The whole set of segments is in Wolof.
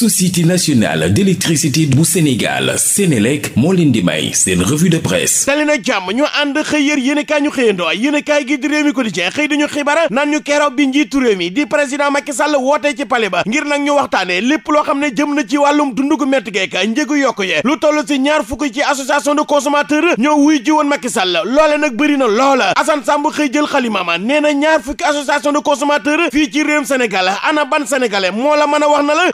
société nationale d'électricité bu Sénégal Sénélec moo leen di may seen revue de presse tali na jàmm ñu ànd xëy yër yéen i kaay ñu xëyandoo yéen i kaay gi di réew mi quotidien xëy dañu xibara naan ñu keroog bi njiitu réew mi di président Macky Sall wootee ci palais ba ngir nag ñu waxtaane lépp loo xam ne jëm na ci wàllum dund gu metti geek njëgu yokku yee lu toll si ñaar fukk ci association de consommateur ñoo wuy ji woon Macky Sall loole nag bëri na loola Assane Samb xëy jël xalimaama nee na ñaar fukki association de consommateur fii ci réewum Sénégal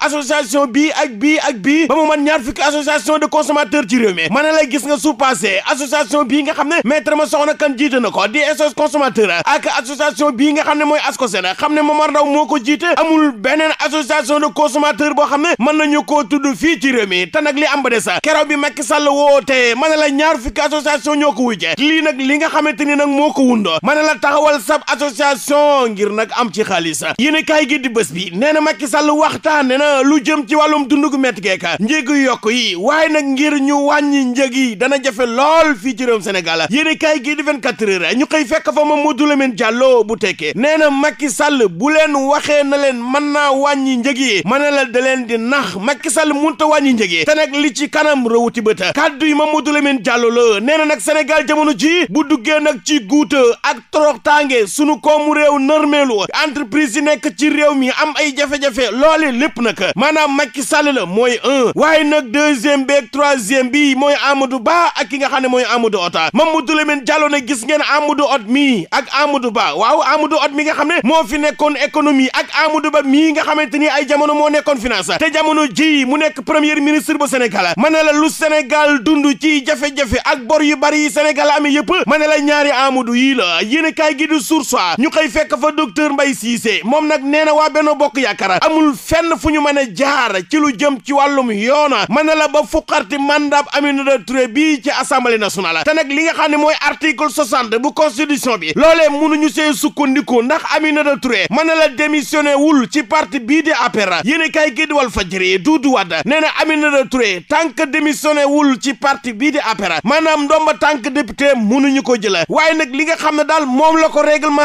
a association bii ak bii ak bii ba mu man ñaar fukki association de consommateur ci réew mi ma na la gis nga su passé association bii nga xam ne maître ma soxna kan jiite na ko di SOS consommateur ak association bii nga xam ne mooy ASCOSEN xam ne Momar Ndaw moo ko jiite amul beneen association de consommateur boo xam ne mën nañu koo tudd fii ci réew mi te nag li am ba des keroog bi Macky Sall te ma ne la ñaar fukki association ñoo ko wujje lii nag li nga xamante ni nag moo ko wundoo ma ne la taxawal sab association ngir nag am ci xaalis yéen gi di bés bi nee na Macky Sall waxtaane na lu jëm jëm ci wàllum dund gu métti geeka njëg yu yokk yi waaye nag ngir ñu wàññi njëg yi dana jafe lool fii ci réewum Sénégal yéen i kaay gii di 24 heures ñu koy fekk fa Mamadou Lamine Diallo bu tekkee nee na Macky Sall bu leen waxee na leen mën naa wàññi njëg yi ma na la da leen di nax Macky Sall munta wàññi njëg yi te li ci kanam rawuti bëta kàddu yi ma Lamine Diallo la nee na nag Sénégal jamono ji bu duggee nag ci guuta ak toroxtaange sunu koomu réew nërmeelu entreprise yi nekk ci réew mi am ay jafe-jafe lépp nag maanaam Macky Sall la mooy un waaye nag deuxième beeg troisième bi mooy Amadou Ba ak ki nga xam ne mooy Amadou Ota Mamadou Lamine Diallo na gis ngeen Amadou ot mii ak Amadou baa waaw Amadou Hott mi nga xam ne moo fi nekkoon économie ak Amadou Ba mii nga xamante ni ay jamono moo nekkoon finance te jamono ji mu nekk premier ministre bu Sénégal ma ne la lu Sénégal dund ci jafe-jafe ak bor yi bari yi Sénégal amee yëpp ma ne la ñaari Amadou yii la yéen kaay gi du source ñu koy fekk fa docteur Mbaye Cissé moom nag nee na waa Benno Bokk Yaakaar amul fenn fu ñu mën a milliards ci lu jëm ci wàllum yoona mën na la ba fuqarti mandat Aminata Touré bii ci assemblée nationale te nag li nga xam ne mooy article soixante bu constitution bi loolee mënuñu see sukkandiku ndax Aminata Touré mën na la démissionné wul ci parti bii di APR yéen kay gi di Walf Fadjri Doudou Wade nee na Aminata Touré tant que wul ci parti bii di APR maanaam ndomba tànk député mënuñu ko jëla waaye nag li nga xam ne daal moom la ko règlement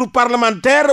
groupe parlementaire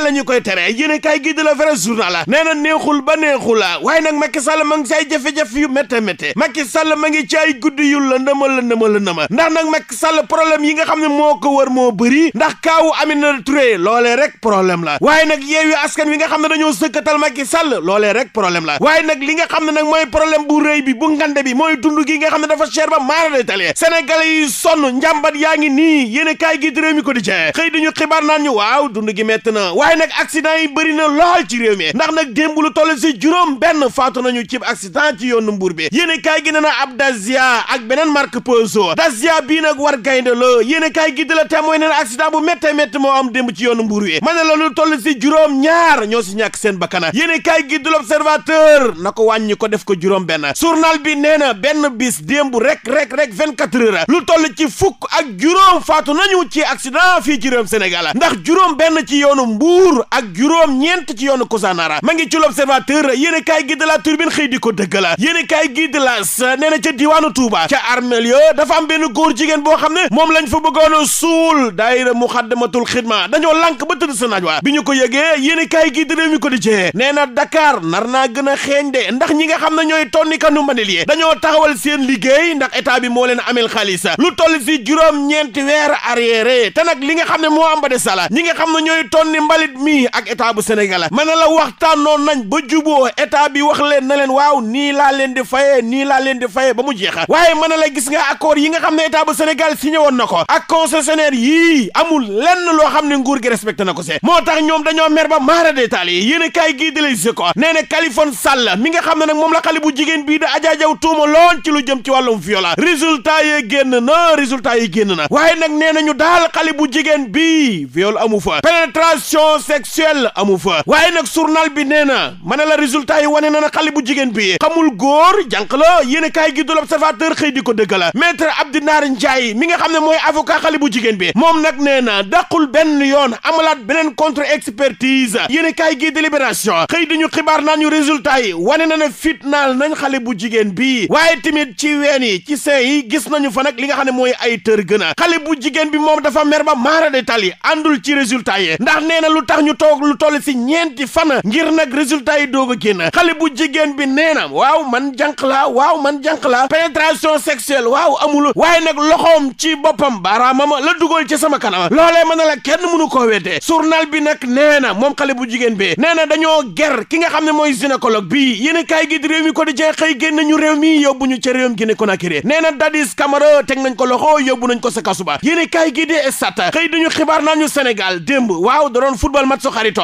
la ñu koy tere yéen kaay gi de la vrai journal la nee neexul ba neexul la waaye nag Macky Sall ma ngi say jafe-jafe yu métte métte Macky Sall ma ngi ci ay guddi yu la ndëma la ndëma la ndëma ndax nag Macky Sall problème yi nga xam ne moo ko wër moo bëri ndax kaawu Aminata Touré loolee rek problème la waaye nag yeewu askan wi nga xam ne dañoo sëkkatal Macky Sall loolee rek problème la waaye nag li nga xam ne nag mooy problème bu rëy bi bu ngande bi mooy dund gi nga xam ne dafa cher ba maara de tali Sénégalais yi sonn njàmbat yaa ngi nii yéen kaay gi réew mi quotidien xëy dañu xibaar naan ñu waaw dund na waaye nag accident yi na lool ci réew ndax nag démb lu toll si benn faatu nañu ci accident ci yoonu Mbuur bi yéen kaay gi nee na ab Dacia ak beneen marque Peugeot Dacia bii nag war gaynde la yéen kaay gi de la témoin nee na accident bu méttee métti moo am démb yoonu Mbuur ma ne lu toll si juróom ñaar ñoo si ñàkk seen bakkana yéen kaay gi de l'Observateur na ko wàññi ko def ko juróom benn journal bi nee na benn bis démb rek rek rek vingt-quatre heures lu toll ci fukk ak juróom faatu nañu ci ak si accident fii ci réewum Sénégal ndax juróom benn ci yoonu Mbour ak juróom ñeent ci yoonu Kousanaara ma ngi ci l'Observateur yéen kaay gi de la Tribune xëy di ko dëggal yéen kaay gi de la nee na ca diwaanu Touba ca armeel dafa am benn góor jigéen boo xam ne moom lañ fa bëggoon a suul daayira Muxaddamatul Xidma dañoo lank ba tëdd sa naaj wa bi ñu ko yëgee yéen kay gi de réew mi ko di jee nee na Dakar nar naa gën a xeeñ de ndax ñi nga xam ne ñooy tonni kanu manil yi dañoo taxawal seen liggéey ndax état bi moo leen amel xaalis lu toll si juróom ñeenti weer arrière de te li nga xam ne moo am ba de sala ñi nga xam ne ñooy tonni mbalit mii ak état bu Sénégal mën na la noon nañ ba juboo état bi wax leen na leen waaw nii laa leen di fayee nii laa leen di fayee ba mu jeexa waaye mën na la gis nga accord yi nga xam ne état bu Sénégal signé woon na ko ak concessionnaire yii amul lenn loo xam ne nguur gi respecté na ko se moo tax ñoom dañoo mer ba maara détaal yi yéen a kaay gii di lay si ko nee na Kalifone Sall mi nga xam ne nag moom la xale bu jigéen bii di Adja Diaw tuuma loon lu jëm ci wàllum viol résultat yi génn na résultat yi génn na waaye nag nee nañu daal xale bu jigéen bi viol amu fa pénétration sexuelle amu fa waaye nag journal bi nee na ma ne la résultat yi wane na na xale bu jigéen bi xamul góor jànq la yéen kaay gi du l'observateur xëy di ko dëggala maître Abdinar Ndiaye mi nga xam ne mooy avocat xale bu jigéen bi moom nag nee na dàqul benn yoon amulaat beneen contre expertise yéen kaay gi délibération xëy di ñu xibaar naan ñu résultat yi wane na ne fitnaal nañ xale bu jigéen bi waaye tamit ci ween yi ci seen yi gis nañu fa nag li nga xam ne mooy ay tër gën a bu jigéen bi moom dafa mer ba maara de tali àndul ci résultat yi ndax nee na lu tax ñu toog lu toll si ñeenti fan ngir nag résultat yi doog a génn xale bu jigéen bi nee na waaw man jànq la waaw man jànq la pénétration sexuelle waaw amul waaye nag loxoom ci boppam baaraamam la dugal ci sama kanam loolee mën na ker kenn mënu koo weete journal bi nag nee na moom xale bu jigéen bi nee na dañoo ger ki nga xam ne mooy gynécologue bii yéen a kaay gi di réew mi ko di jeex xëy génn ñu réew mi yóbbu ñu ca réewum Guinée Conakry nee na Dadis Camara teg nañ ko loxo nañ ko sa kasuba yéen a kaay gi stade xëy dañu xibaar naan ñu Sénégal démb waaw da doon mat match su xarito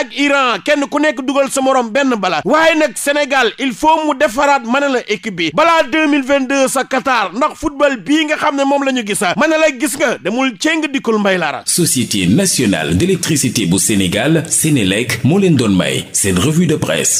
ak Iran kenn ku nekk dugal sa morom benn bala waaye nag Sénégal il faut mu defaraat mën la équipe bi balaa deux mille vingt deux sa Qatar ndax football bii nga xam ne moom la ñu gis mën na la gis nga demul ceng dikkul mbay laara. Société nationale d'électricité bu Sénégal Sénélec moo leen doon may seen revue de presse.